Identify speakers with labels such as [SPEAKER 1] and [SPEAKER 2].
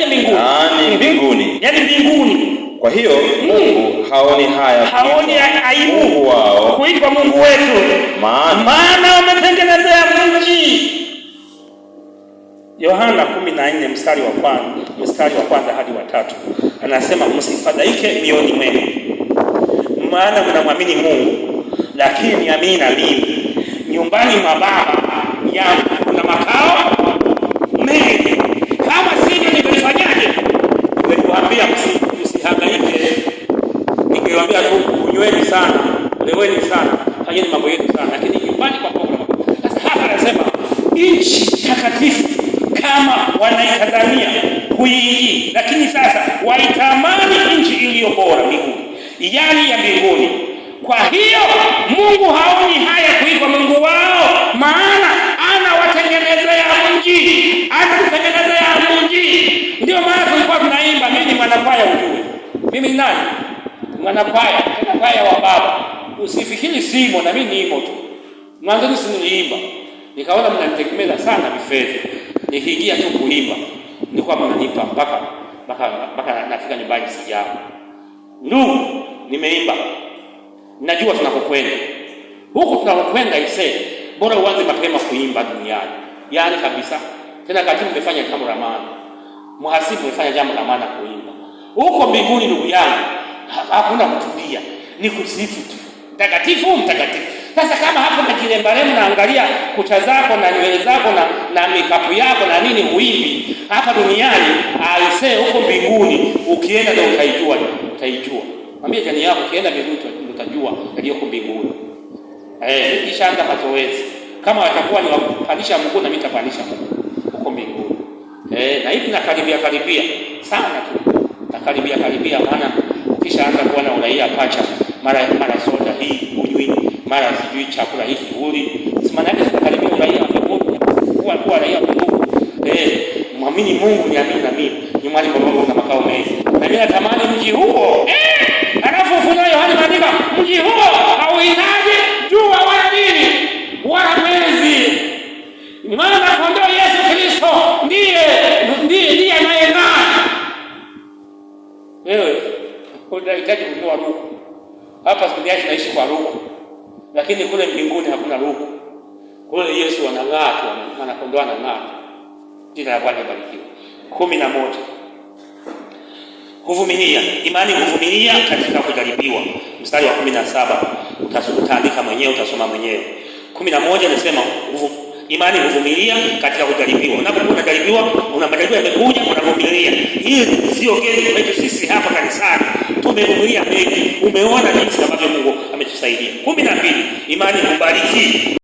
[SPEAKER 1] yani mbinguni,
[SPEAKER 2] Yani yaani mbinguni,
[SPEAKER 1] Yani mbinguni.
[SPEAKER 2] Kwa hiyo hmm. Mungu haoni haya, haoni aibu wao
[SPEAKER 1] kuitwa Mungu wetu,
[SPEAKER 2] maana
[SPEAKER 1] wametengenezea mji. Yohana 14 mstari wa kwanza mstari wa kwanza hadi wa tatu anasema msifadhaike mioni mwenu, maana mnamwamini Mungu, lakini amina mimi, nyumbani mwa Baba yangu kuna makao Mungu, unyweni sana, leweni sana, fanyeni mambo yenu sana, lakini nyumbani kwa Mungu. Sasa hapa anasema nchi takatifu kama wanaitazamia kuiingia, lakini sasa waitamani nchi iliyo bora mbinguni, yani ya mbinguni. Kwa hiyo Mungu haoni haya kuitwa Mungu wao, maana anawatengenezea mji, anatutengenezea mji. Ndio maana tulikuwa tunaimba, mimi ni mwanakwaya ujue mimi ni nani mwanakwaya, mwanakwaya wa baba, usifikiri simo na mimi nimo tu. Mwanzoni si niliimba, nikaona mnanitegemeza sana vifedha, nikiingia tu kuimba nilikuwa mnanipa mpaka mpaka mpaka nafika nyumbani sijao. Ndugu, nimeimba, najua tunakokwenda huko, tunakokwenda ise, bora uanze mapema kuimba duniani, yaani kabisa tena kati mmefanya jambo la maana, mhasibu mmefanya jambo la maana kuimba huko mbinguni, ndugu yangu hakuna kutubia, ni kusifu tu, mtakatifu mtakatifu. Sasa kama hapo na kirembaremu naangalia kucha zako na nywele zako na, na mikapu yako na nini, uimbi hapa duniani aisee, huko mbinguni ukienda ndio utaijua, utaijua. Mwambie jani yako ukienda mbinguni utajua yaliyoko mbinguni. Eh, kisha anza mazoezi kama watakuwa ni wapandisha Mungu na mimi nitapandisha mguu huko mbinguni. Eh, na hivi nakaribia karibia sana tu nakaribia karibia maana kisha anza kuwa na uraia pacha, mara mara soda hii hujui, mara sijui chakula hiki huli, maana yake tunakaribia uraia wa Mungu, kuwa kuwa raia wa Mungu. Eh, muamini Mungu, niamini na mimi, ni mwali kwa Mungu na makao mengi, na mimi natamani mji huo Kwa hiyo tunahitaji kununua ruku. Hapa duniani tunaishi kwa ruku, lakini kule mbinguni hakuna ruku. Kwa hiyo Yesu anang'aa tu, anakondoa anang'aa. Jina la Bwana libarikiwe. kumi na moja. Huvumilia imani, huvumilia katika kujaribiwa. Mstari wa kumi na saba utaandika mwenyewe, utasoma mwenyewe. kumi na moja nasema imani huvumilia katika kujaribiwa. Unapokuwa unajaribiwa kuna matajiri yamekuja, wanagombelea. Hili sio geni kwetu sisi hapa kanisani, tumevumilia mengi. Umeona jinsi ambavyo Mungu ametusaidia. kumi na mbili, imani kubariki